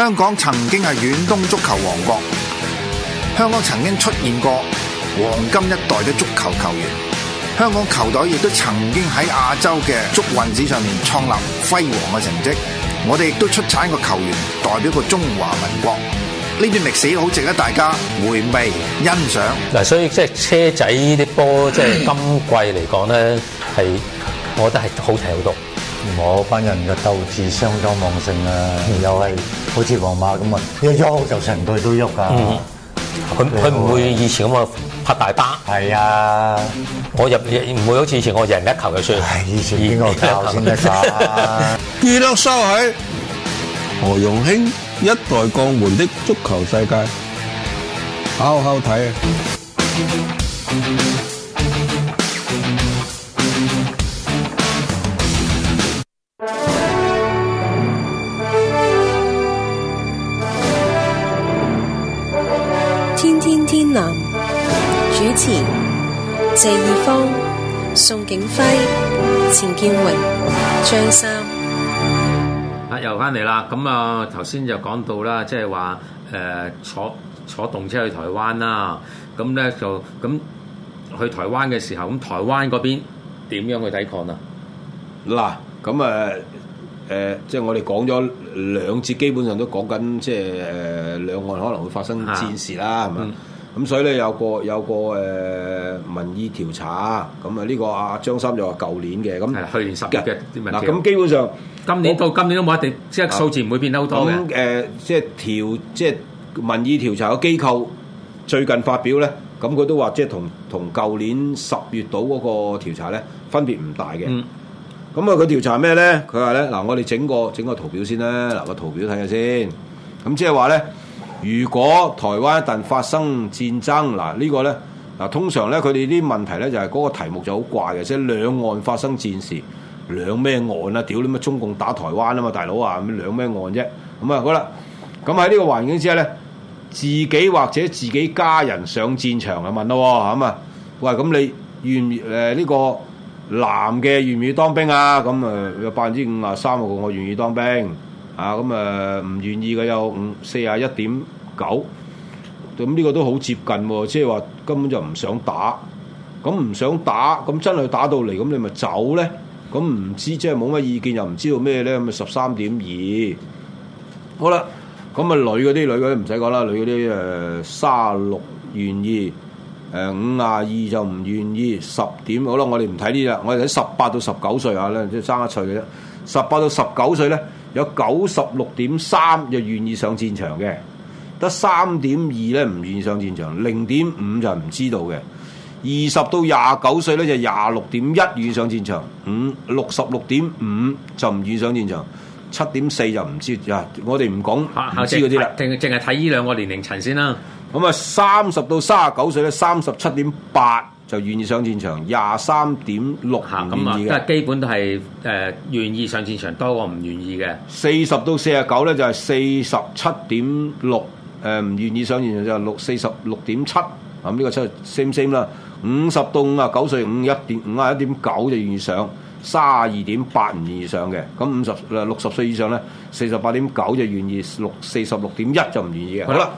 香港曾經係遠東足球王國，香港曾經出現過黃金一代嘅足球球員，香港球隊亦都曾經喺亞洲嘅足運史上面創立輝煌嘅成績。我哋亦都出產一個球員代表個中華民國，呢段歷史好值得大家回味欣賞。嗱，所以即係車仔啲波，即係今季嚟講呢，係，嗯，我覺得係好睇好多。我班人嘅鬥志相當旺盛啊，又係好似皇馬咁啊，一喐就成隊都喐噶。佢佢唔會以前咁啊拍大巴。係啊，我入唔會好似以前我贏一球就輸。係以前邊個教先得㗎？記得收起何容興一代鋼門的足球世界，好好睇啊！主持謝義方宋景輝、陳建榮、張三，啊，又翻嚟啦！咁啊，頭先就講到啦，即係話誒，坐坐動車去台灣啦，咁咧就咁去台灣嘅時候，咁台灣嗰邊點樣去抵抗啊？嗱，咁誒誒，即係我哋講咗兩次，基本上都講緊，即係呃、兩岸可能會發生戰事啦，係嘛？咁所以咧有個有個誒、呃、民意調查，咁啊呢個阿張三又話舊年嘅，咁係去年十月嘅嗱，咁基本上今年到今年都冇一定，啊、即係數字唔會變得好多嘅。咁誒、呃，即係調即係民意調查嘅機構最近發表咧，咁佢都話即係同同舊年十月到嗰個調查咧分別唔大嘅。咁啊、嗯，佢調查咩咧？佢話咧嗱，我哋整個整個圖表先啦，嗱個圖表睇下先看看，咁即係話咧。如果台灣一旦發生戰爭，嗱、這個、呢個咧嗱，通常咧佢哋啲問題咧就係嗰個題目就好怪嘅，即係兩岸發生戰事，兩咩岸啊？屌你乜中共打台灣啊嘛，大佬啊，咁兩咩岸啫？咁、嗯、啊好啦，咁喺呢個環境之下咧，自己或者自己家人上戰場啊問咯咁啊，喂咁你願唔誒呢、呃這個男嘅願唔願意當兵啊？咁啊有百分之五十三個我願意當兵。啊，咁誒唔願意嘅有五四啊一點九，咁呢個都好接近喎，即係話根本就唔想打，咁唔想打，咁真係打到嚟，咁你咪走咧？咁唔知即係冇乜意見，又唔知道咩咧？咁咪十三點二，好啦，咁啊女嗰啲女嗰啲唔使講啦，女嗰啲誒卅六願意，誒五啊二就唔願意，十點好啦，我哋唔睇呢隻啦，我哋睇十八到十九歲啊咧，即係爭一歲嘅啫，十八到十九歲咧。有九十六點三就願意上戰場嘅，得三點二咧唔願意上戰場，零點五就唔知道嘅。二十到廿九歲咧就廿六點一願意上戰場，五六十六點五就唔願意上戰場，七點四就唔知就我哋唔講唔知嗰啲啦，淨淨係睇呢兩個年齡層先啦。咁啊，三十到三十九歲咧三十七點八。就願意上戰場，廿三點六下唔願意嘅，即係基本都係誒願意上戰場多過唔願意嘅。四十到四啊九咧，就係四十七點六誒唔願意上戰場，就六四十六點七，咁呢個七係 similar 啦。五十到五啊九歲，五一點五啊一點九就願意上，三啊二點八唔願意上嘅。咁五十六十歲以上咧，四十八點九就願意，六四十六點一就唔願意嘅。好啦，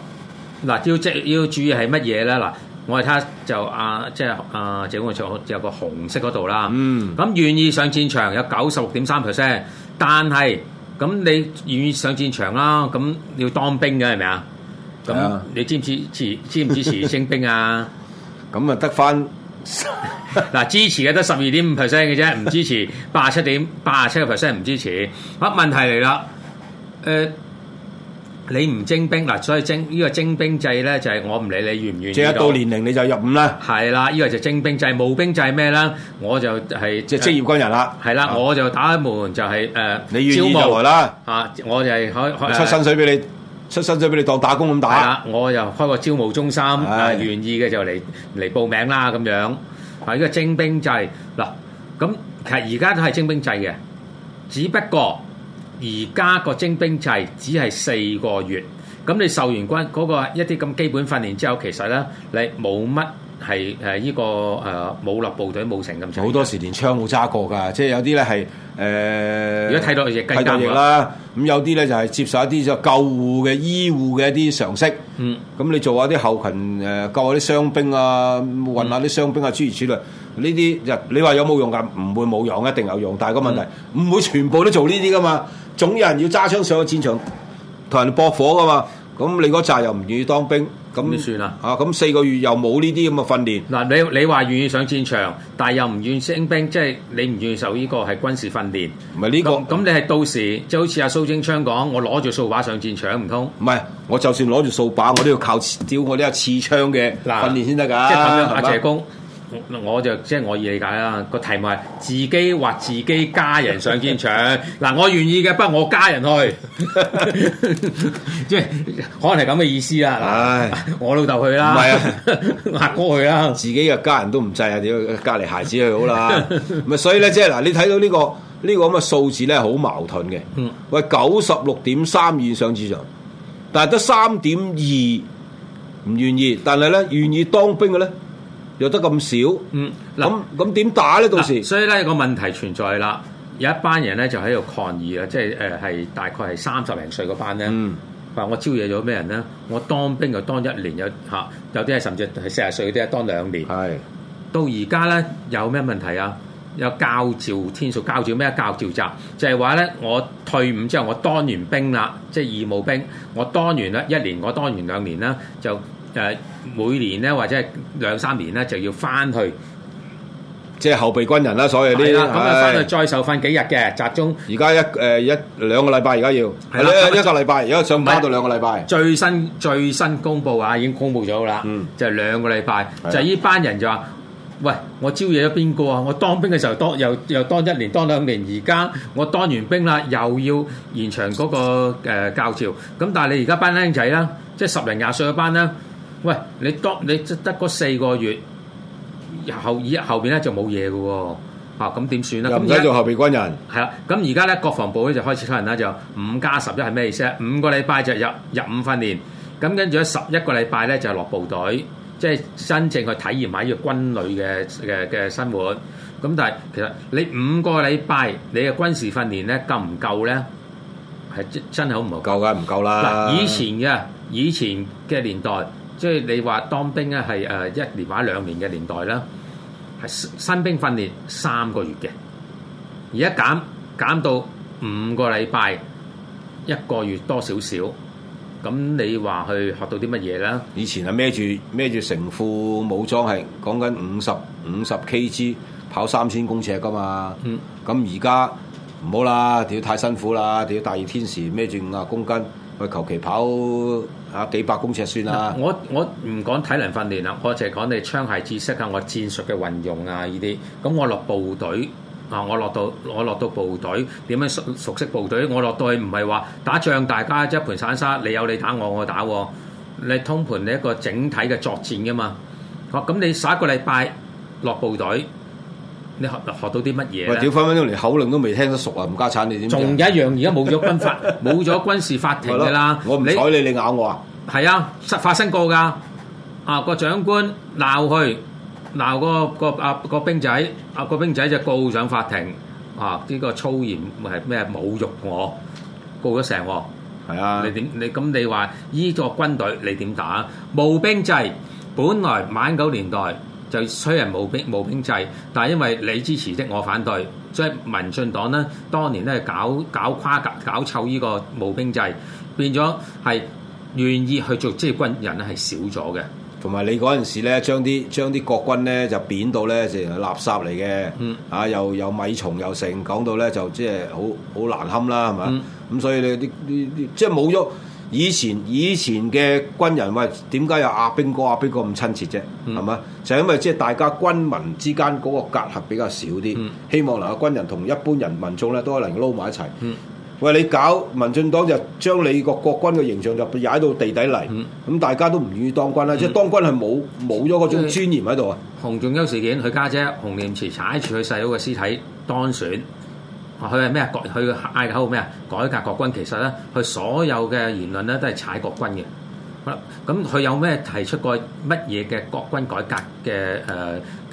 嗱，要即要注意係乜嘢咧？嗱。我哋睇下就啊，即係啊，政府就有個紅色嗰度啦。咁、嗯、願意上戰場有九十六點三 percent，但係咁你願意上戰場啦，咁要當兵嘅係咪啊？咁你 剩 支唔支,支持？支唔支持徵兵啊？咁啊得翻嗱，支持嘅得十二點五 percent 嘅啫，唔支持八十七點八十七個 percent 唔支持。啊，問題嚟啦誒。呃你唔徵兵嗱，所以徵呢、這個徵兵制咧，就係我唔理你願唔願意。即係到年齡你就入伍啦。係啦，呢、這個就徵兵制，募兵制咩啦？我就係即係職業軍人啦。係啦，我就打開門就係、是、誒、嗯呃、招募啦。嚇、啊，我就係開出薪水俾你，啊、你，出薪水俾你當打工咁打。我就開個招募中心，誒願、啊呃、意嘅就嚟嚟報名啦咁樣。係、這、呢個徵兵制嗱，咁其實而家都係徵兵制嘅，只不過。而家個徵兵制只係四個月，咁你受完軍嗰個一啲咁基本訓練之後，其實咧你冇乜係誒依個誒武力部隊冇成咁長，好多時連槍冇揸過㗎，即係有啲咧係誒。如果睇到役雞鴨啦，咁有啲咧就係接受一啲就救護嘅醫護嘅一啲常識，嗯，咁你做下啲後勤誒救下啲傷兵啊，運下啲傷兵啊諸如此類，呢啲就你話有冇用㗎？唔會冇用，一定有用，但係個問題唔會全部都做呢啲㗎嘛。總有人要揸槍上去戰場同人搏火噶嘛，咁你嗰紮又唔願意當兵，咁點算啊？啊，咁四個月又冇呢啲咁嘅訓練。嗱，你你話願意上戰場，但係又唔願意升兵，即係你唔願意受呢個係軍事訓練。唔係呢個，咁你係到時即係好似阿蘇貞昌講，我攞住掃把上戰場唔通？唔係，我就算攞住掃把，我都要靠吊我呢個刺槍嘅訓練先得噶。即係咁樣，阿謝工。我就即係我以理解啦，個題目係自己或自己家人上戰場。嗱， 我願意嘅，不過我家人去，即係 可能係咁嘅意思啊。唉，我老豆去啦，唔係啊，阿 哥，哥去啦，自己嘅家人都唔制啊，點？隔離孩子去好啦。咪 所以咧，即係嗱，你睇到呢個呢個咁嘅數字咧，好矛盾嘅。喂，九十六點三以上戰場，但係得三點二唔願意，但係咧願意當兵嘅咧。有得咁少，嗯，咁咁點打咧？到時，所以咧個問題存在啦。有一班人咧就喺度抗議啊，即係誒，係、呃、大概係三十零歲嗰班咧，話、嗯、我招惹咗咩人咧？我當兵就當一年有嚇，有啲係甚至係四十歲嗰啲啊，當兩年，係到而家咧有咩問題啊？有教召天數，教召咩？教召召集就係話咧，我退伍之後，我當完兵啦，即係義務兵，我當完啦一年，我當完兩年啦就。就每年咧，或者兩三年咧，就要翻去，即係後備軍人啦。所以啲啦，咁啊翻去再受訓幾日嘅集中現在。而、呃、家一誒一兩個禮拜，而家要係啦一個禮拜，而家上翻到兩個禮拜，啊。最新最新公佈啊，已經公佈咗啦。嗯，就兩個禮拜，啊、就係呢班人就話：喂，我招惹咗邊個啊？我當兵嘅時候當又又當一年、當兩年，而家我當完兵啦，又要延長嗰、那個、呃、教召。咁但係你而家班僆仔啦，即係十零廿歲嘅班啦。喂，你多你得嗰四個月後以後邊咧就冇嘢嘅喎，咁點算咧？咁唔使做後備軍人？係啦，咁而家咧國防部咧就開始出人啦，就五加十一係咩意思咧？五個禮拜就入入伍訓練，咁跟住咧十一個禮拜咧就落、是、部隊，即、就、係、是、真正去體驗下呢個軍旅嘅嘅嘅生活。咁但係其實你五個禮拜你嘅軍事訓練咧夠唔夠咧？係真真係好唔夠，夠唔夠啦以的。以前嘅以前嘅年代。即係你話當兵咧係誒一年或者兩年嘅年代啦，係新兵訓練三個月嘅，而家減減到五個禮拜，一個月多少少，咁你話去學到啲乜嘢咧？以前係孭住孭住成副武裝係講緊五十五十 kg 跑三千公尺㗎嘛，咁而家唔好啦，屌太辛苦啦，屌要大熱天時孭住五十公斤去求其跑。吓幾百公尺算啦！我我唔講體能訓練啦，我淨係講你槍械知識啊，我戰術嘅運用啊呢啲。咁我落部隊啊，我落到我落到部隊點樣熟熟悉部隊？我落到去唔係話打仗，大家一盤散沙，你有你打，我我打。你通盤你一個整體嘅作戰噶嘛。好，咁你上一個禮拜落部隊。你學學到啲乜嘢？唔係，屌分分鐘連口令都未聽得熟啊！吳家產，你點？仲有一樣，而家冇咗軍法，冇咗軍事法庭㗎啦。我唔睬你，你咬我啊！係啊，實發生過㗎。啊，個長官鬧佢，鬧個個啊個兵仔，啊個兵仔就告上法庭。啊，呢個粗言係咩？侮辱我，告咗成。係啊！你點？你咁你話依座軍隊你點打？募兵制，本來晚九年代，就雖然冇兵冇兵制，但係因為你支持的我反對，所以民進黨咧，當年咧搞搞垮搞搞臭呢個冇兵制，變咗係願意去做即係軍人咧係少咗嘅。同埋你嗰陣時咧，將啲將啲國軍咧就扁到咧，自然係垃圾嚟嘅。嗯，啊又有米蟲又剩，講到咧就即係好好難堪啦，係咪？咁所以你啲啲即係冇喐。以前以前嘅軍人喂，點解有阿兵哥阿兵哥咁親切啫？係嘛、嗯？就係、是、因為即係大家軍民之間嗰個隔閡比較少啲，嗯、希望能夠軍人同一般人民眾咧都能夠撈埋一齊。嗯、喂，你搞民進黨就將你個國軍嘅形象就踩到地底嚟，咁、嗯、大家都唔願意當軍啦。嗯、即係當軍係冇冇咗嗰種尊嚴喺度啊！洪仲丘事件，佢家姐，姐洪念慈踩住佢細佬嘅屍體當選。啊佢係咩啊？改佢嗌口咩啊？改革國軍其實咧，佢所有嘅言論咧都係踩國軍嘅。好啦，咁佢有咩提出過乜嘢嘅國軍改革嘅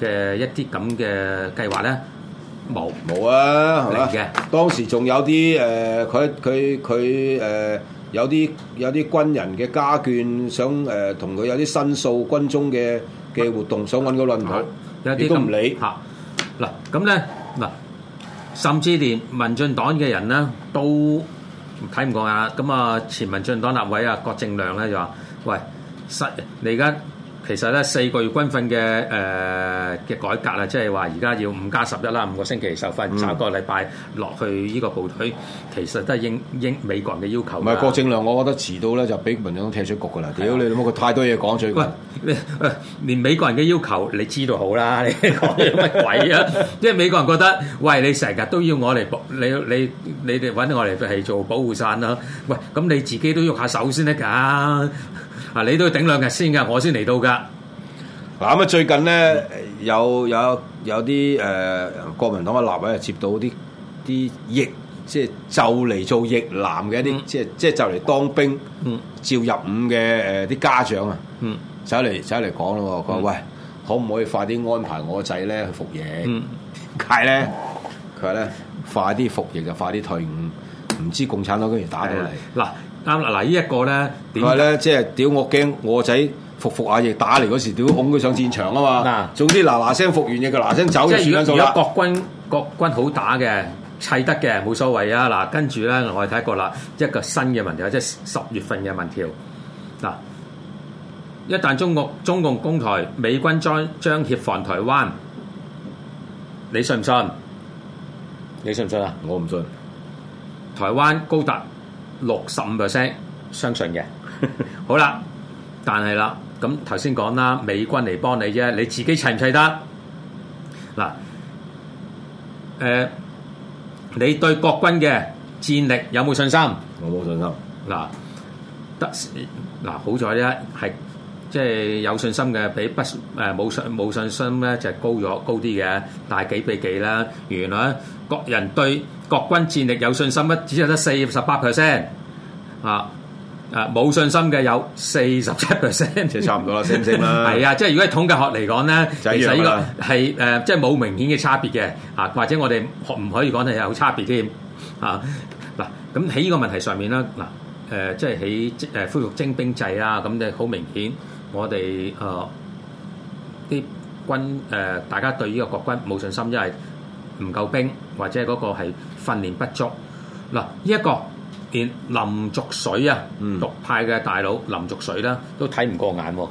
誒嘅一啲咁嘅計劃咧？冇冇啊？係嘅？當時仲有啲誒，佢佢佢誒有啲有啲軍人嘅家眷想誒同佢有啲申訴軍中嘅嘅活動，想揾個論壇，有啲都唔理。嚇嗱咁咧嗱。甚至連民進黨嘅人呢都睇唔過眼，咁啊前民進黨立委啊郭正亮呢就話：喂，實你而家。其實咧四個月軍訓嘅誒嘅改革啊，即係話而家要五加十一啦，11, 五個星期受訓，下、嗯、個禮拜落去呢個部隊，其實都係應應美國人嘅要求。唔係郭正亮，我覺得遲到咧就俾民眾踢出局㗎啦！屌、啊、你老母，太多嘢講最緊。喂，連美國人嘅要求你知道好啦，你講啲乜鬼啊？因 為美國人覺得，喂，你成日都要我嚟保你，你你哋揾我嚟係做保護傘啦。喂，咁你自己都喐下手先得㗎。啊！你都要頂兩日先噶，我先嚟到噶。嗱咁啊，最近咧有有有啲誒、呃、國民黨嘅立委啊，接到啲啲役，即係就嚟、是、做役男嘅一啲，即係即係就嚟當兵，嗯，召入伍嘅誒啲家長啊，嗯就來，走嚟走嚟講咯，佢話、嗯、喂，可唔可以快啲安排我個仔咧去服役？點解咧？佢話咧，快啲服役就快啲退伍，唔知共產黨竟然打到嚟嗱。啱啦！嗱，呢一個咧，點解咧？即係屌我驚我仔服服阿爺打嚟嗰時，屌哄佢上戰場啊嘛！嗱、嗯，總之嗱嗱聲服完嘢，佢嗱聲走就，即係如果如果國軍國軍好打嘅，砌得嘅冇所謂啊！嗱，跟住咧，我哋睇一個啦，一個新嘅民調，即係十月份嘅民調。嗱，一旦中國中共攻台，美軍將將協防台灣，你信唔信？你信唔信啊？我唔信。信台灣高達。六十五 percent 相信嘅， 好啦，但係啦，咁頭先講啦，美軍嚟幫你啫，你自己砌唔砌得？嗱，誒、呃，你對國軍嘅戰力有冇信心？我冇信心。嗱，得，嗱好在咧，係即係有信心嘅，比不誒冇、呃、信冇信心咧就高咗高啲嘅，但係幾比幾啦，原來。國人對國軍戰力有信心嘅只有得四十八 percent，啊，冇、啊、信心嘅有四十七 percent，差唔多啦，啦。係啊，即係如果係統計學嚟講咧，係、呃、即係冇明顯嘅差別嘅、啊，或者我哋可唔可以講係有差別添？啊嗱，咁喺呢個問題上面咧，嗱、啊、誒、呃、即係喺誒恢復徵兵制啊，咁就好明顯我，我哋啲軍、呃、大家對呢個國軍冇信心，因為。唔夠兵或者嗰個係訓練不足嗱，依、這、一個連林濁水啊，獨、嗯、派嘅大佬林濁水啦，都睇唔過眼喎。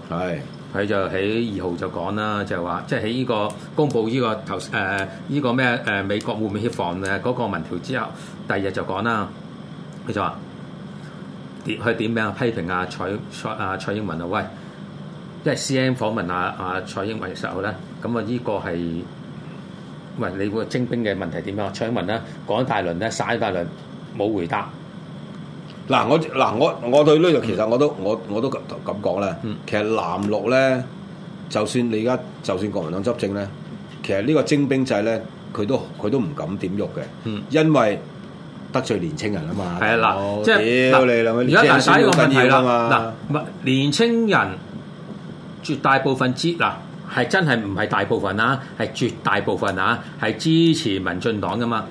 佢是就喺二號就講啦，就係話即係喺呢個公佈呢、這個頭誒依個咩誒、呃、美國互免協防嘅嗰個民調之後，第二日就講啦，佢就話點佢點名批評啊蔡蔡啊蔡英文啊喂，即、就、係、是、CNN 訪問啊啊蔡英文時候咧，咁啊呢個係。你個徵兵嘅問題點樣？蔡英文咧講大輪咧，曬大輪冇回答。嗱我嗱我我對呢度其實我都我我都咁咁講咧。其實藍綠咧，就算你而家就算國民黨執政咧，其實呢個徵兵制咧，佢都佢都唔敢點喐嘅，因為得罪年青人啊嘛。係啊嗱，我即係你啦倆，而家但係曬一個問題啦。嗱，唔係年青人絕大部分知嗱。係真係唔係大部分啦，係絕大部分啊，係支持民進黨噶嘛？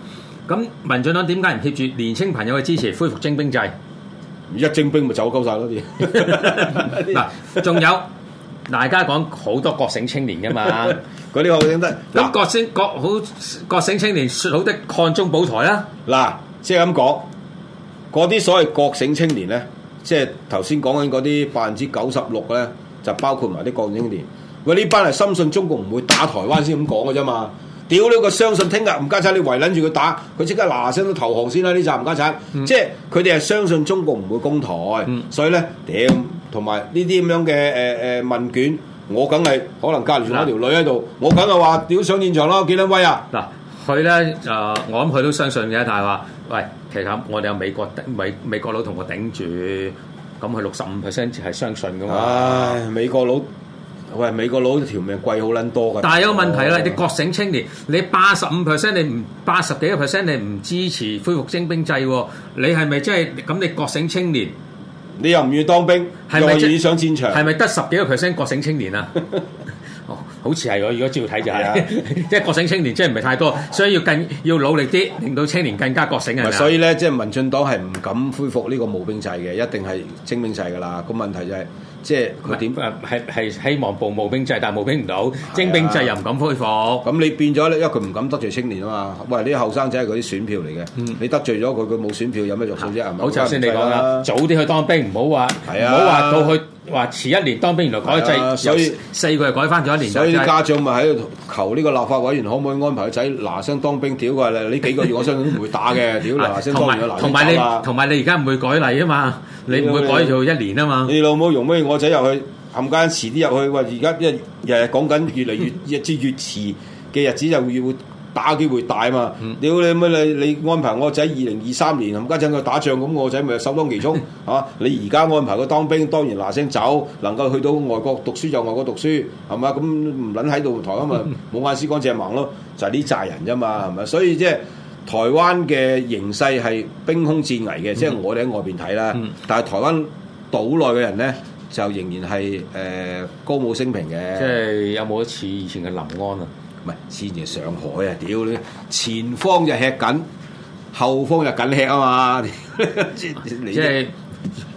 咁民進黨點解唔挾住年青朋友嘅支持恢復徵兵制？一徵兵咪走鳩曬咯！嗱，仲有嗱，大家講好多覺醒青年噶嘛？嗰啲覺醒得？咁覺醒覺好覺醒青年説好的抗中保台啦！嗱，即係咁講，嗰啲所謂覺醒青年咧，即係頭先講緊嗰啲百分之九十六咧，就包括埋啲覺醒青年。佢呢班係深信中國唔會打台灣先咁講嘅啫嘛，屌你個相信聽日吳家產你圍撚住佢打，佢即刻嗱嗱聲都投降先啦，呢集吳家產，嗯、即係佢哋係相信中國唔會攻台，嗯、所以咧，屌同埋呢啲咁樣嘅誒誒問卷，我梗係可能隔離有條女喺度，啊、我梗係話屌上現場咯幾撚威啊！嗱、啊，佢咧誒，我諗佢都相信嘅，但係話喂，其實我哋有美國美美國佬同我頂住，咁佢六十五 percent 係相信嘅嘛。唉，美國佬。喂，美國佬條命貴好撚多嘅。但係有問題啦，哦、你國醒青年，你八十五 percent 你唔八十幾個 percent 你唔支持恢復徵兵制喎、啊？你係咪真係咁？你國醒青年，你又唔願當兵，係咪願意上戰場？係咪得十幾個 percent 國醒青年啊？哦， 好似係我如果照睇就係，即係國醒青年即係唔係太多，所以要更要努力啲，令到青年更加國醒啊！所以咧，即、就、係、是、民進黨係唔敢恢復呢個冇兵制嘅，一定係徵兵制噶啦。個問題就係、是。即係佢點係係希望募募兵制，但係募兵唔到，徵、啊、兵制又唔敢恢復，咁你變咗咧，因為佢唔敢得罪青年啊嘛。喂，啲後生仔係佢啲選票嚟嘅，嗯、你得罪咗佢，佢冇選票，有咩、嗯、着數啫？係咪？好就頭先你講啦，早啲去當兵，唔好話。唔好話到去。話遲一年當兵原來改制，有、啊、四,四個又改翻咗一年。所以啲、就是、家長咪喺度求呢個立法委員可唔可以安排個仔嗱聲當兵？屌佢啦！呢幾個月我相信都唔會打嘅。屌你嗱聲當咗同埋你，同埋你而家唔會改例啊嘛，你唔會改做一年啊嘛。你老母用咩？我仔入去冚家遲啲入去。話而家即係日日講緊越嚟越即、嗯、越遲嘅日子，日子就會越會。打機會大嘛？屌你乜你你安排我仔二零二三年咁家陣佢打仗咁，我仔咪首當其衝嚇、嗯啊。你而家安排佢當兵，當然嗱聲走，能夠去到外國讀書就外國讀書，係嘛？咁唔撚喺度台灣咪冇眼屎乾淨盲咯？嗯、就係呢扎人啫嘛，係咪？所以即係台灣嘅形勢係兵凶戰危嘅，即係、嗯、我哋喺外邊睇啦。嗯、但係台灣島內嘅人咧，就仍然係誒、呃、歌舞昇平嘅。即係有冇一似以前嘅臨安啊？唔係先上海啊！屌你，前方就吃緊，後方就緊吃啊嘛！你的即係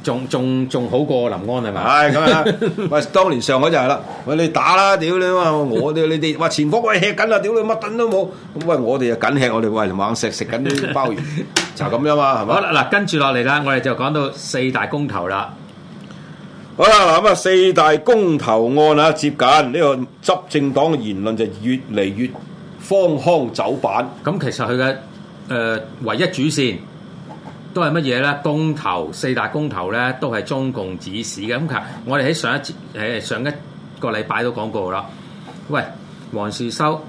仲仲仲好過林安係嘛？係咁啊！喂、哎，當年上海就係啦，喂你打啦！屌你啊！我哋你哋，喂前方喂吃緊啦！屌你乜蛋都冇！咁喂我哋就緊吃，我哋喂猛食食緊啲鮑魚，就咁樣嘛係嘛？好啦，嗱跟住落嚟啦，我哋就講到四大公投啦。好啦，咁啊，四大公投案啊，接近呢個執政黨嘅言論就越嚟越荒腔走板。咁其實佢嘅誒唯一主線都係乜嘢咧？公投四大公投咧，都係中共指使嘅。咁其實我哋喺上一節誒上一個禮拜都講過啦。喂，黃樹修，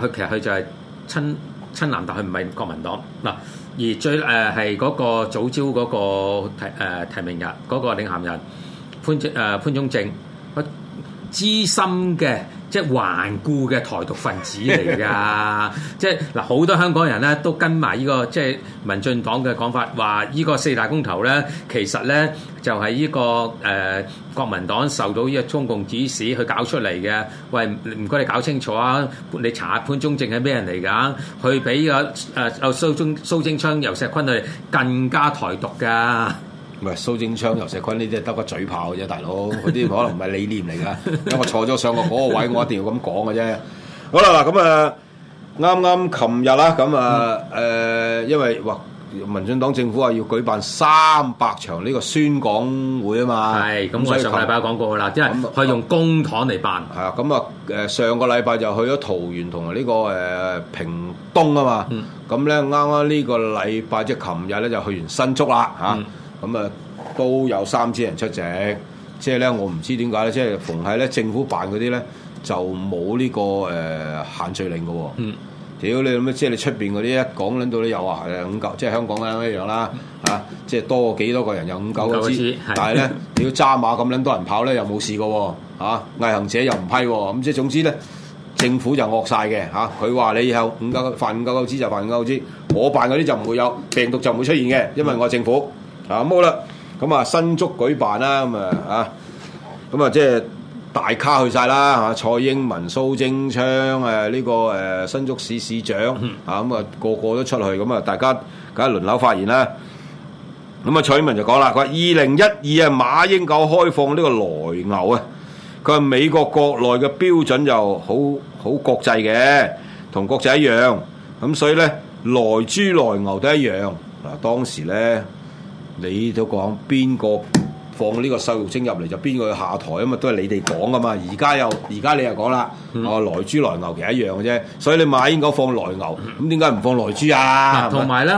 佢其實佢就係親親藍，但係唔係國民黨嗱。而最誒係嗰個早招嗰個提誒、呃、提名日、那個、人，嗰個領銜人。潘正潘忠政，個資深嘅，即係頑固嘅台獨分子嚟噶， 即係嗱，好多香港人咧都跟埋呢個即係民進黨嘅講法，話呢個四大公投咧，其實咧就係呢個誒國民黨受到呢個中共指使去搞出嚟嘅。喂，唔該你搞清楚啊！你查下潘忠政係咩人嚟噶？佢比個誒蘇貞蘇貞昌、游錫堃去更加台獨噶。唔係蘇貞昌、游錫堃呢啲係得個嘴炮啫，大佬嗰啲可能唔係理念嚟噶， 因為我坐咗上個嗰個位，我一定要咁講嘅啫。好啦，嗱咁啊，啱啱琴日啦，咁啊誒，因為話民進黨政府啊要舉辦三百場呢個宣講會啊嘛，係咁，咁我上禮拜講過啦，即係那可以用公帑嚟辦。係啊，咁啊誒，上個禮拜就去咗桃園同埋呢個誒屏、呃、東啊嘛，咁咧啱啱呢個禮拜即係琴日咧就去完新竹啦嚇。啊嗯咁啊、嗯，都有三千人出席，即係咧，我唔知點解咧，即係逢係咧政府辦嗰啲咧就冇呢、呢個誒、呃、限聚令嘅喎、哦。嗯，屌你咁啊！即係你出面嗰啲一講撚到都有啊，五九即係香港咁一樣啦，即係多過幾多個人有五九個知，九但係咧 你要揸馬咁撚多人跑咧又冇事㗎喎嚇，毅行、啊、者又唔批喎、哦，咁即係總之咧政府就惡晒嘅嚇，佢、啊、話你以後五九犯五九個就犯五九個知，我辦嗰啲就唔會有病毒就唔會出現嘅，嗯、因為我係政府。嗱咁好啦，咁啊新竹舉辦啦，咁啊啊，咁啊即係大咖去曬啦嚇，蔡英文、蘇貞昌啊呢個誒新竹市市長啊咁啊個個都出去，咁啊大家梗係輪流發言啦。咁啊蔡英文就講啦，佢話二零一二啊馬英九開放呢個萊牛啊，佢話美國國內嘅標準就好好，國際嘅，同國際一樣，咁所以咧萊豬萊牛都一樣。嗱當時咧。你都講邊個放呢個瘦肉精入嚟就邊個去下台，吖嘛？都係你哋講㗎嘛！而家又而家你又講啦，啊來豬來牛其實一樣嘅啫，所以你買應該放來牛，咁點解唔放來豬啊？同埋咧，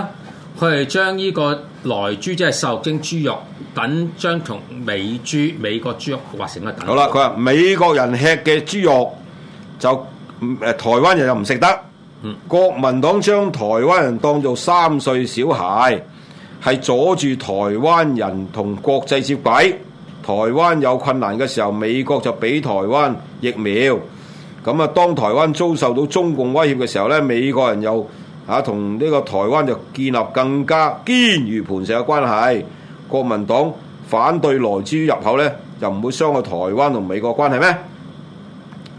佢係將呢個來豬即係瘦肉精豬肉等將同美豬美國豬肉劃成個等。好啦，佢話美國人吃嘅豬肉就誒台灣人又唔食得，國民黨將台灣人當做三歲小孩。係阻住台灣人同國際接軌，台灣有困難嘅時候，美國就俾台灣疫苗。咁啊，當台灣遭受到中共威脅嘅時候咧，美國人又啊同呢個台灣就建立更加堅如磐石嘅關係。國民黨反對萊豬入口咧，又唔會傷害台灣同美國的關係咩？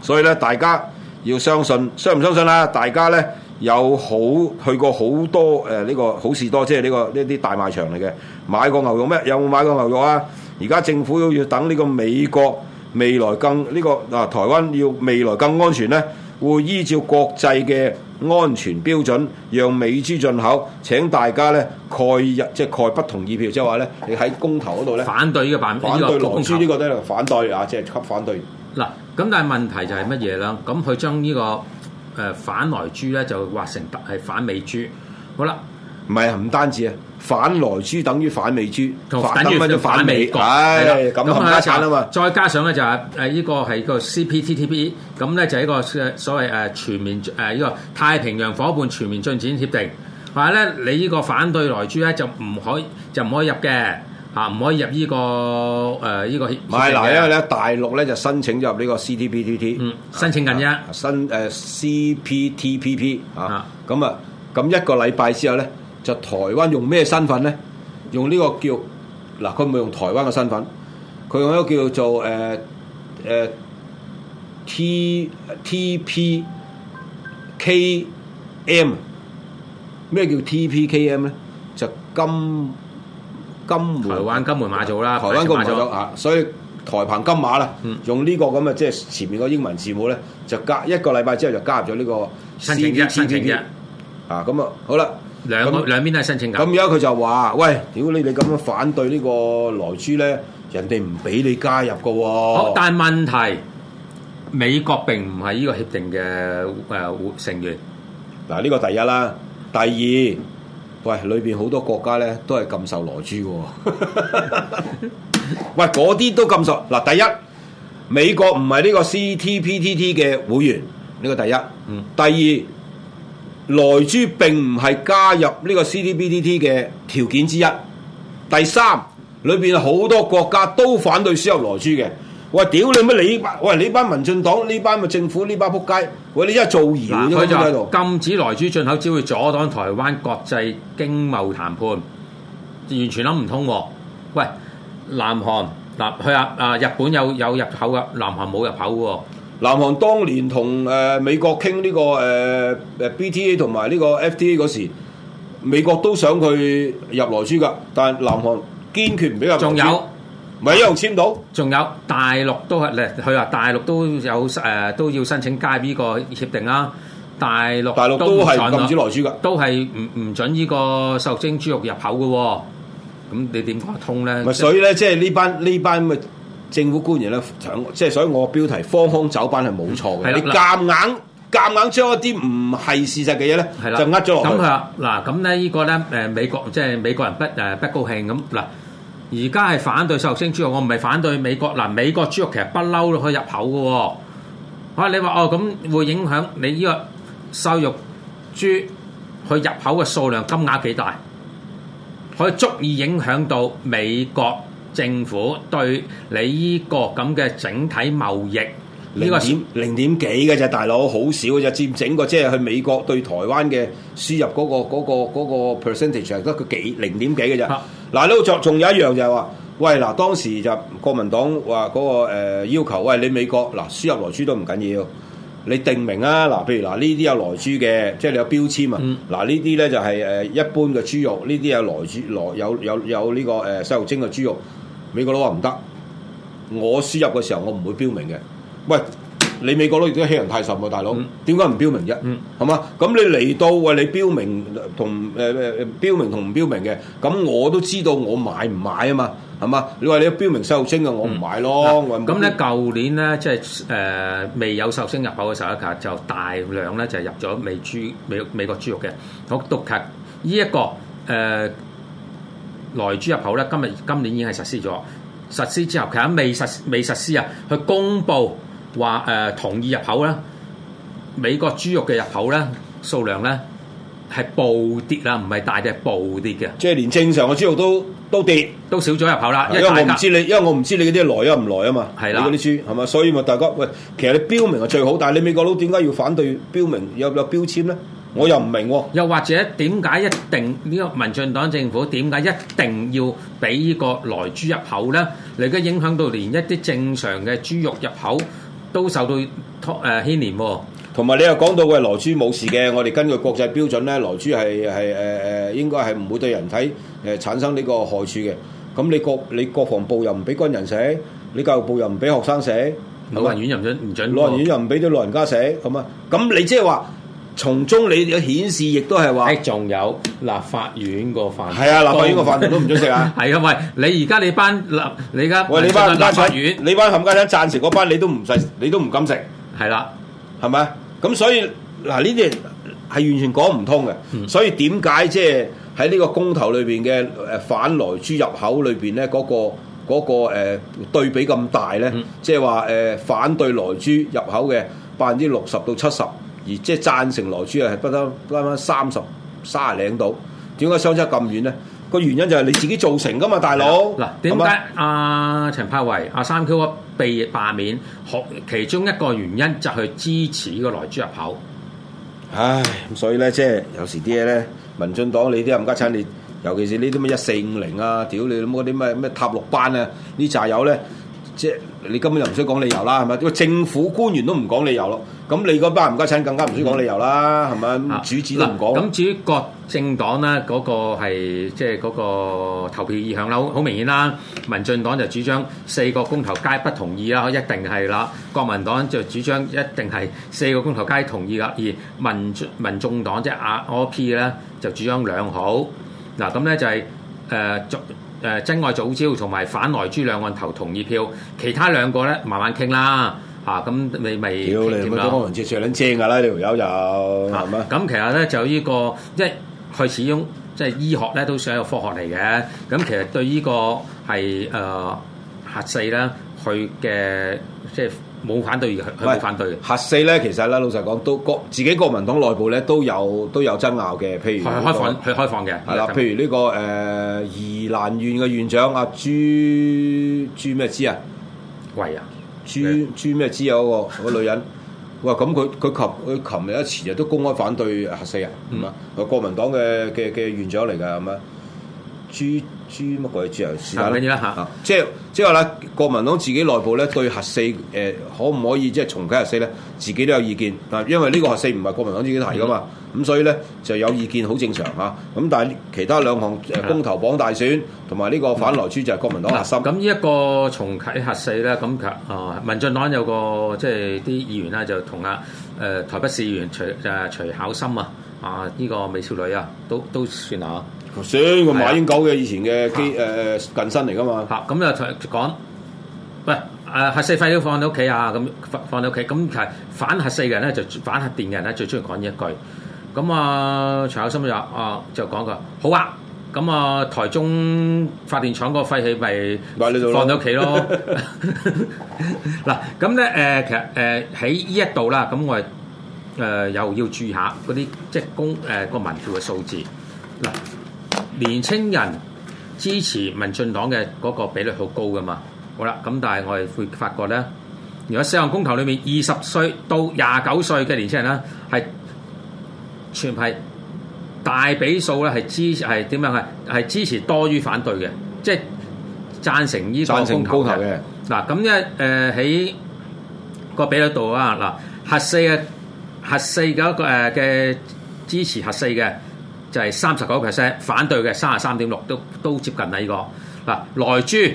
所以咧，大家要相信，相唔相信啦？大家咧。有好去過多、呃這個、好多誒呢個好市多，即係呢、這個呢啲大賣場嚟嘅，買過牛肉咩？有冇買過牛肉啊？而家政府要等呢個美國未來更呢、這個嗱、啊，台灣要未來更安全咧，會依照國際嘅安全標準，讓美豬進口。請大家咧蓋入即係蓋不同意票，即係話咧，你喺公投嗰度咧反對嘅辦法，反對公公萊豬呢個都係反對啊，即係給反對。嗱，咁但係問題就係乜嘢啦？咁佢將呢、這個。反萊豬咧就畫成反美豬，好啦，唔係啊，唔單止啊，反萊豬等於反美豬，反等於反美，係咁啊加嘛，再加上咧就係、是、誒個係個 CPTPP 咁咧就一個所謂全面、這個、太平洋伙伴全面進展協定，話咧你呢個反對萊豬咧就唔可以就唔可以入嘅。嚇唔、啊、可以入呢、這個誒依、呃這個協？唔係嗱，因為咧大陸咧就申請咗入呢個 CPTPP。嗯，申請緊啫申誒 CPTPP 啊，咁、呃、啊，咁、啊、一個禮拜之後咧，就台灣用咩身份咧？用呢個叫嗱，佢、呃、唔用台灣嘅身份，佢用一個叫做誒誒 TTPKM。咩、呃呃、叫 TPKM 咧？就金。金門灣、灣金門馬祖啦，台灣金馬祖啊，所以台澎金馬啦，嗯、用呢個咁嘅即係前面個英文字母咧，就隔一個禮拜之後就加入咗呢個 B，申請一，申請一啊，咁啊好啦，兩兩邊都係申請緊，咁而家佢就話喂，如果你你咁樣反對這個呢個萊豬咧，人哋唔俾你加入噶、哦，但係問題美國並唔係呢個協定嘅誒成員，嗱呢、啊這個第一啦，第二。喂，裏邊好多國家咧都係禁售萊豬嘅、哦， 喂嗰啲都禁售。嗱，第一美國唔係呢個 C T P T T 嘅會員，呢、呢個第一。嗯。第二，萊豬並唔係加入呢個 C T P T T 嘅條件之一。第三，裏邊好多國家都反對輸入萊豬嘅。「喂，屌你乜你班！我你班民進黨呢班咪政府呢班仆街！喂，你而家造謠喎！佢、啊、就禁止萊豬進口，只會阻擋台灣國際經貿談判，完全諗唔通喎！喂，南韓嗱佢啊啊日本有有入口嘅，南韓冇入口喎、哦。南韓當年同誒、呃、美國傾呢、這個誒誒、呃、BTA 同埋呢個 FTA 嗰時，美國都想佢入萊豬噶，但南韓堅決唔俾入。咪一路簽到，仲有大陸都係咧，佢話大陸都有誒，都要申請加入呢個協定啦。大陸大陸都係禁止來豬噶，都係唔唔準呢個瘦精豬肉入口噶。咁你點講通咧？咪所以咧，即係呢班呢班咁嘅政府官員咧，即係所以我標題荒腔走板係冇錯嘅。係啦，你夾硬夾硬將一啲唔係事實嘅嘢咧，就呃咗落去。咁啊嗱，咁咧呢個咧誒美國即係美國人不誒不高興咁嗱。而家係反對瘦肉精豬肉，我唔係反對美國嗱，美國豬肉其實不嬲都可以入口嘅喎。啊，你話哦咁會影響你呢個瘦肉豬去入口嘅數量、金額幾大，可以足以影響到美國政府對你呢個咁嘅整體貿易呢、呢個、零點零點幾嘅啫，大佬好少嘅啫，佔整個即係、即係、去美國對台灣嘅輸入嗰、個嗰、個嗰、個、嗰個、percentage 係得佢幾零點幾嘅啫。啊。嗱，呢度仲仲有一樣就係話，喂，嗱，當時就國民黨話嗰個、呃、要求，喂，你美國嗱輸入萊豬都唔緊要，你定名啊，嗱，譬如嗱呢啲有萊豬嘅，即係你有標籤啊，嗱呢啲咧就係誒一般嘅豬肉，呢啲有萊豬來有有有呢個誒瘦肉精嘅豬肉，美國佬話唔得，我輸入嘅時候我唔會標明嘅，喂。你美國佬亦都欺人太甚喎，大佬，點解唔標明啫？係嘛、嗯？咁你嚟到話你標明同誒誒標明同唔標明嘅，咁我都知道我買唔買啊嘛？係嘛？你話你標明瘦精嘅，我唔買咯。咁咧、嗯，舊年咧即係誒未有瘦精入口嘅時候，一實就大量咧就係入咗美豬美美國豬肉嘅。好，獨及呢一個誒萊、呃、豬入口咧，今日今年已經係實施咗，實施之後其實未實未實施啊，去公布。話誒、呃、同意入口咧，美國豬肉嘅入口咧數量咧係暴跌啦，唔係大隻暴跌嘅，即係連正常嘅豬肉都都跌，都少咗入口啦。因為，因為我唔知你，因為我唔知你嗰啲來啊唔來啊嘛。係啦的，啲豬係嘛，所以咪大家喂，其實你標明係最好，但係你美國佬點解要反對標明有有標籤咧？我又唔明白、啊。又或者點解一定呢個民進黨政府點解一定要俾呢個萊豬入口咧？你而家影響到連一啲正常嘅豬肉入口。都受到誒牽連，同埋你又講到嘅萊豬冇事嘅，我哋根據國際標準咧，萊豬係係誒應該係唔會對人體、呃、產生呢個害處嘅。咁你國你國防部又唔俾軍人食，你教育部又唔俾學生食，老人院又唔準唔吧准，老人院又唔俾啲老人家食，咁啊，咁你即係話。從中你有顯示亦都係話，仲有立法院個飯，係啊，立法院個飯你都唔準食啊，係啊 不， 喂，你而家你班立，你而家，喂，你班你立法院，你班冚家鏟，暫時嗰班你都唔使，你都唔敢食，係啦的，係咪啊？咁所以嗱，呢啲係完全講唔通嘅。嗯、所以點解即係喺呢個公投裏邊嘅誒反萊豬入口裏邊咧，嗰、那個嗰、那個、呃、對比咁大咧？即係話誒反對萊豬入口嘅百分之六十到七十。而即係贊成萊豬啊，係不得啱啱三十三啊零度，點解相差咁遠咧？個原因就係你自己造成㗎嘛，大佬。嗱點解阿陳柏惟、阿三 Q 被罷免？學其中一個原因就係支持呢個萊豬入口。唉，所以咧，即係有時啲嘢咧，民進黨你啲冚家產，你尤其是呢啲咩一四五零啊，屌你咁嗰啲咩咩塔綠班啊，這些呢柞友咧。即係你根本就唔需要講理由啦，係咪？政府官員都唔講理由咯，咁你嗰班冚家鏟更加唔需要講理由啦，係咪？啊、主子都唔講、啊。咁至於各政黨咧，嗰、那個係即係嗰個投票意向啦，好明顯啦。民進黨就主張四個公投皆不同意啦，一定係啦。國民黨就主張一定係四個公投皆同意噶。而民民眾黨即係阿 OP 咧，就主張兩好。嗱咁咧就係、是、誒、呃誒，珍愛藻礁同埋反萊豬兩岸投同意票，其他兩個咧慢慢傾啦。咁你咪要就你唔好講黃雀最撚正㗎啦，呢條友又咁。啊嗎啊、其實咧就呢、這個即係佢始終即係醫學咧都算係個科學嚟嘅。咁其實對個、呃、呢個係核四啦，佢嘅即係。冇反對嘅，唔反對嘅。核四咧，其實咧老實講，都國自己國民黨內部咧都有都有爭拗嘅。譬如係、這個、開放，開放嘅，啦了。譬如呢、這個誒、呃、宜蘭縣嘅縣長阿朱朱咩之啊？喂，啊，朱朱咩之有個個女人。哇！ 咁佢佢琴佢琴日一前日都公開反對核四啊！嗯啊，佢國民黨嘅嘅嘅縣長嚟㗎咁豬豬乜鬼豬油啊！即即話咧，國民黨自己內部咧對核四誒可唔可以即係、就是、重啟核四咧，自己都有意見啊！因為呢個核四唔係國民黨自己提噶嘛，咁、嗯、所以咧就有意見好正常嚇。咁、啊、但係其他兩項誒公投、綁大選同埋呢個反萊豬就係國民黨核心、嗯。咁呢一個重啟核四咧，咁啊民進黨有個即係啲議員咧就同啊誒台北市議員徐誒徐巧芯啊。啊！呢、這個美少女啊，都都算下。頭先個馬英九嘅以前嘅基誒近身嚟噶嘛、啊。嚇咁又講，喂誒、啊、核四廢料放你屋企啊？咁放放你屋企咁係反核四嘅人咧，就反核電嘅人咧最中意講呢一句。咁啊徐友心又啊就講佢好啊。咁啊台中發電廠個廢氣咪放你屋企咯。嗱咁咧誒其實誒喺、呃、呢一度啦，咁我哋。誒、呃、又要注意下嗰啲即係公個、呃、民票嘅數字嗱，年青人支持民進黨嘅嗰個比率好高噶嘛，好啦咁，但係我哋會發覺咧，如果四項公投裏面二十歲到廿九歲嘅年青人咧，係全係大比數咧係支係點樣係係支持多於反對嘅，即係贊成呢個公投嘅。嗱咁咧誒喺個比率度啊嗱核四嘅。核四嘅一個誒嘅支持核四嘅就係三十九 percent，反對嘅三十三點六，都都接近啦，呢個嗱。萊豬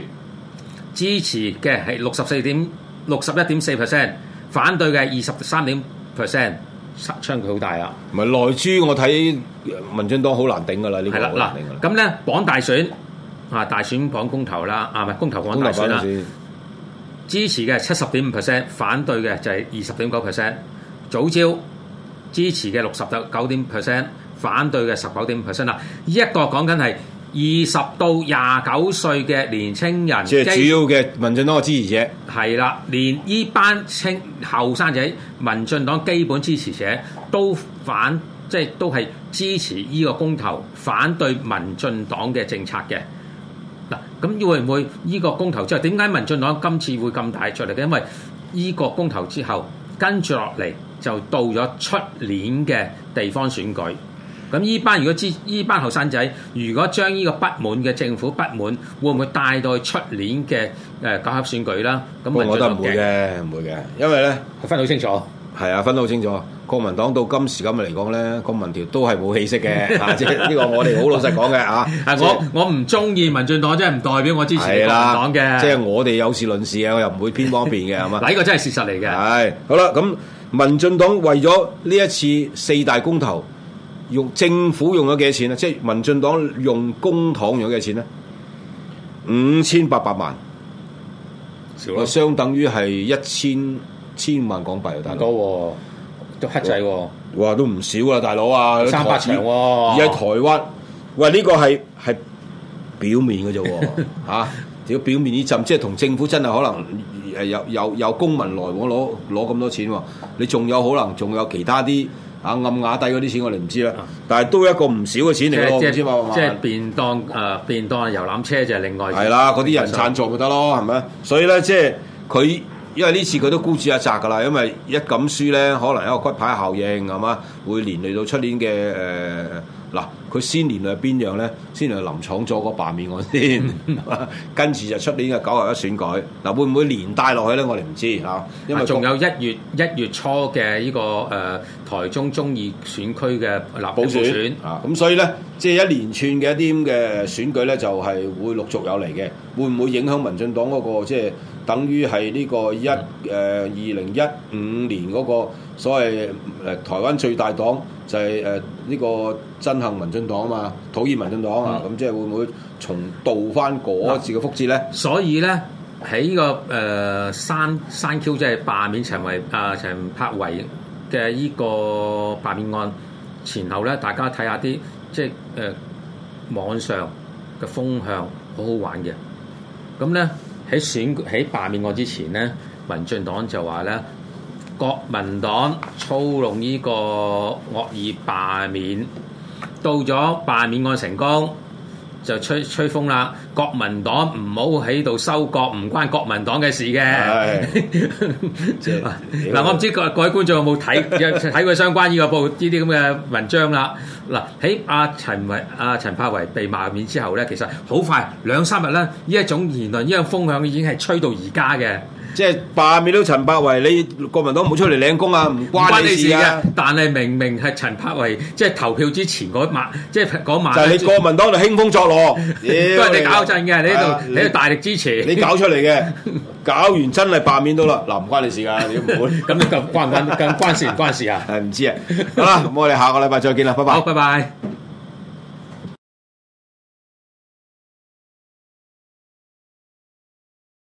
支持嘅係六十四點六十一點四 percent，反對嘅二十三點 percent，差距好大啊！唔係萊豬，我睇民進黨好難頂噶啦呢個好難頂噶啦的。咁咧，綁大選啊，大選綁公投啦，啊咪公投綁大選啦。支持嘅七十點五 percent，反對嘅就係二十點九 percent。早朝支持嘅六十九九點 percent，反對嘅十九點 percent 啦。呢一個講緊係二十到廿九歲嘅年青人，即係主要嘅民進黨支持者。係啦，連呢班青後生仔，民進黨基本支持者都反，即係都係支持呢個公投，反對民進黨嘅政策嘅。嗱，咁會唔會呢個公投之後，點解民進黨今次會咁大出力嘅？因為呢個公投之後跟住落嚟。就到咗出年嘅地方選舉，咁依班如果依班後生仔，如果將呢個不滿嘅政府不滿，會唔會帶到去出年嘅誒九合選舉啦？咁我覺得唔會嘅，唔會嘅，因為咧分得好清楚，係啊，分得好清楚。國民黨到今時今日嚟講咧，國民條都係冇氣息嘅，即呢個我哋好老實講嘅啊。 我、就是、我唔中意民進黨，真係唔代表我支持你國民黨嘅，即係、啊就是、我哋有事論事啊，我又唔會偏方便嘅，係嘛、 啊？呢、呢個真係事實嚟嘅。係好啦，咁。民進黨為咗呢一次四大公投用政府用咗幾多錢啊？即係民進黨用公帑用咗幾多錢咧？五千八百萬，少咯，相等於係一千千萬港幣，大佬，啊，都黑仔，哇，都唔少啊，大佬啊，三百兆，而喺台灣，喂，呢個係係表面嘅啫，吓，只要表面呢陣，即係同政府真係可能。有有有公民來往攞攞咁多錢喎、啊，你仲有可能仲有其他啲啊暗瓦底嗰啲錢我哋唔知啦，但係都一個唔少嘅錢嚟嘅，即係便當誒、呃、便當遊覽車就係另外一，係啦，嗰啲人贊助咪得咯，係咪、嗯、所以咧，即係佢因為呢次佢都孤注一擲㗎啦，因為一咁輸咧，可能一個骨牌效應係嘛，會連累到出年嘅誒。呃嗱，佢先連累邊樣咧？先嚟林昶佐個罷免案先，跟住就出年嘅九合一選舉。嗱，會唔會連帶落去咧？我哋唔知嚇，因為仲有一月一月初嘅呢、這個誒、呃、台中中二選區嘅立補選，咁選、啊、所以咧，即、就、係、是、一連串嘅一啲咁嘅選舉咧，就係、是、會陸續有嚟嘅。會唔會影響民進黨嗰、那個即係、就是、等於係呢個一誒二零一五年嗰個所謂誒台灣最大黨？就係誒呢個憎恨民進黨啊嘛，討厭民進黨啊，咁、嗯、即係會唔會重蹈翻嗰字嘅覆轍咧？所以咧，喺呢、這個誒刪刪 Q 即係罷免陳為啊、呃、陳柏惟嘅依個罷免案前後咧，大家睇下啲即係誒、呃、網上嘅風向，好好玩嘅。咁咧喺選喺罷免案之前咧，民進黨就話咧。國民黨操弄呢個惡意罷免，到咗罷免案成功，就吹吹風啦。國民黨唔好喺度收割，唔關國民黨嘅事嘅。嗱，我唔知各位觀眾有冇睇睇過相關呢個報呢啲咁嘅文章啦。嗱、 啊，喺阿陳為阿、啊、陳柏惟被罷免之後咧，其實好快兩三日咧、啊，呢一種言論，呢種風向已經係吹到而家嘅。即係罷免到陳柏惟，你國民黨冇出嚟領功啊？唔關你事噶、啊。但係明明係陳柏惟，即係投票之前嗰晚，即係嗰晚那就係你國民黨就興風作浪， 都係你搞震嘅，啊、你度你，你大力支持，你搞出嚟嘅，搞完真係罷免到啦。嗱，唔關你事噶，你唔會。咁你 關唔關關關事唔關事啊？係唔 知啊。好啦，咁我哋下個禮拜再見啦，拜拜。好，拜拜。